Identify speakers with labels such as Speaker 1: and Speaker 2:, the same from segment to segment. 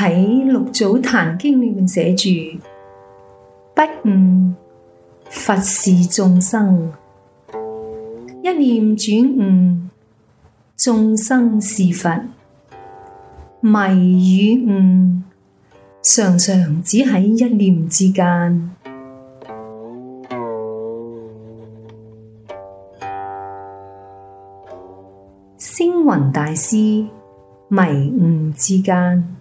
Speaker 1: 喺六祖壇經裏面寫住，不悟佛是眾生，一念轉悟眾生是佛，迷與悟常常只喺一念之間。星雲大師迷悟之間。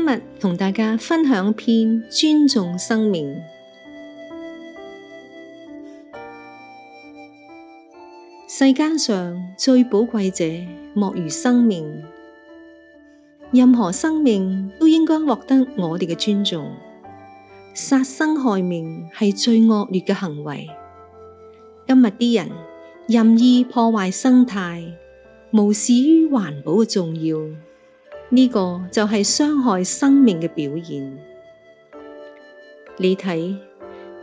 Speaker 1: 今日同大家分享篇尊重生命。世間上最寶貴者莫如生命，任何生命都應該獲得我哋嘅尊重。殺生害命係最惡劣嘅行為。今日啲人任意破壞生態，無視於環保嘅重要。呢個就係傷害生命嘅表現。你睇，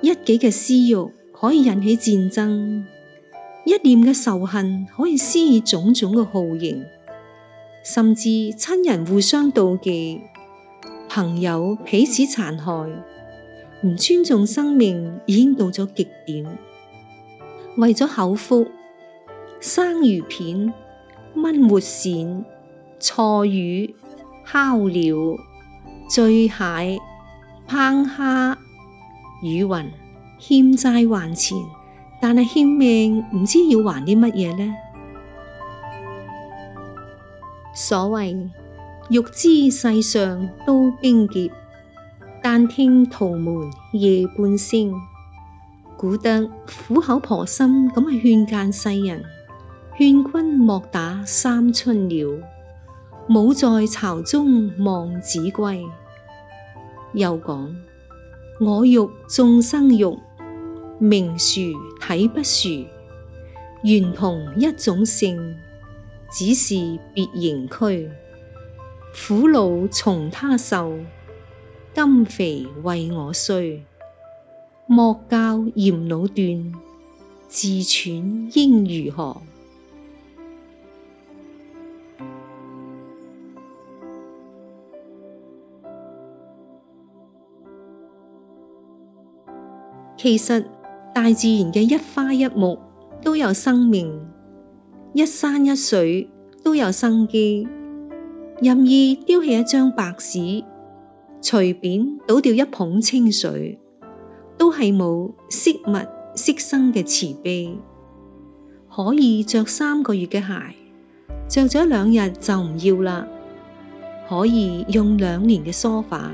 Speaker 1: 一己嘅私欲可以引起戰爭，一念嘅仇恨可以施以種種嘅酷刑，甚至親人互相妒忌，朋友彼此殘害，唔尊重生命已經到咗極點。為咗口腹，生魚片、燜活鱔。銼魚、烤鳥、醉蟹、烹蝦。語云，欠債還錢，但係欠命唔知要還啲乜嘢呢？所謂，欲知世上刀兵劫，但聽屠門夜半聲。古德苦口婆心咁係勸諫世人，勸君莫打三春鳥，母在巢中望子歸。又講：我肉眾生肉，名殊體不殊，原同一種姓，只是別形軀。苦惱從他受，甘肥為我須。莫教閻老斷，自揣應如何？其實大自然嘅一花一木都有生命，一山一水都有生機。任意丟棄一張白紙，隨便倒掉一捧清水，都係冇惜物惜生嘅慈悲。可以著三個月嘅鞋，著咗兩日就唔要啦。可以用兩年嘅梳化，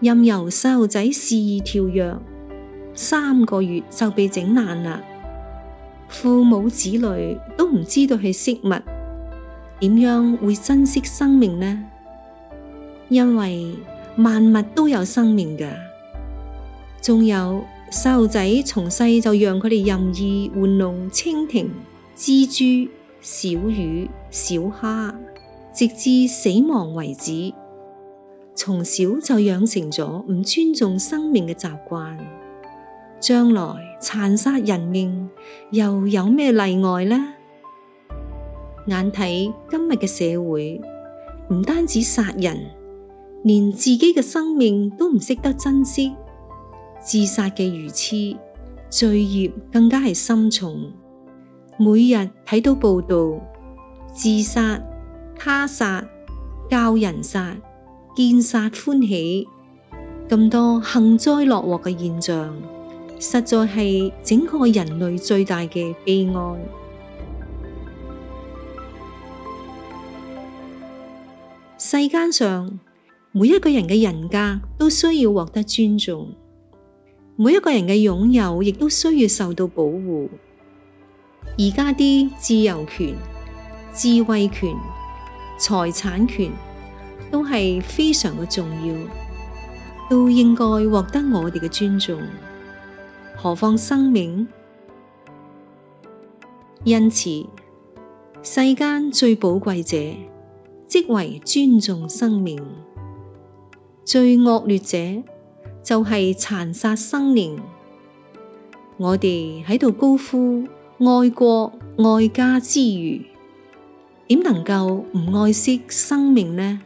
Speaker 1: 任由細路仔肆意跳躍。三個月就被整爛啦！父母子女都唔知道去惜物，點樣會珍惜生命呢？因為萬物都有生命噶，仲有細路仔從細就讓佢哋任意玩弄蜻蜓、蜘蛛、小魚、小蝦，直至死亡為止。從小就養成咗唔尊重生命嘅習慣。將來殘殺人命又有咩例外呢？眼睇今日嘅社會，唔單止殺人，連自己嘅生命都唔識得珍惜。自殺嘅愚癡，罪業更加係深重。每日睇到報道，自殺、他殺、教人殺、見殺歡喜，咁多幸災樂禍嘅現象。實在係整個人類最大嘅悲哀。世間上，每一個人嘅人格都需要獲得尊重，每一個人嘅擁有亦都需要受到保護。而家啲自由權、智慧權、財產權都係非常嘅重要，都應該獲得我哋嘅尊重。何況生命？因此，世間最寶貴者，即為尊重生命；最惡劣者，就係、是、殘殺生靈。我哋喺度高呼愛國愛家之餘，點能夠唔愛惜生命呢？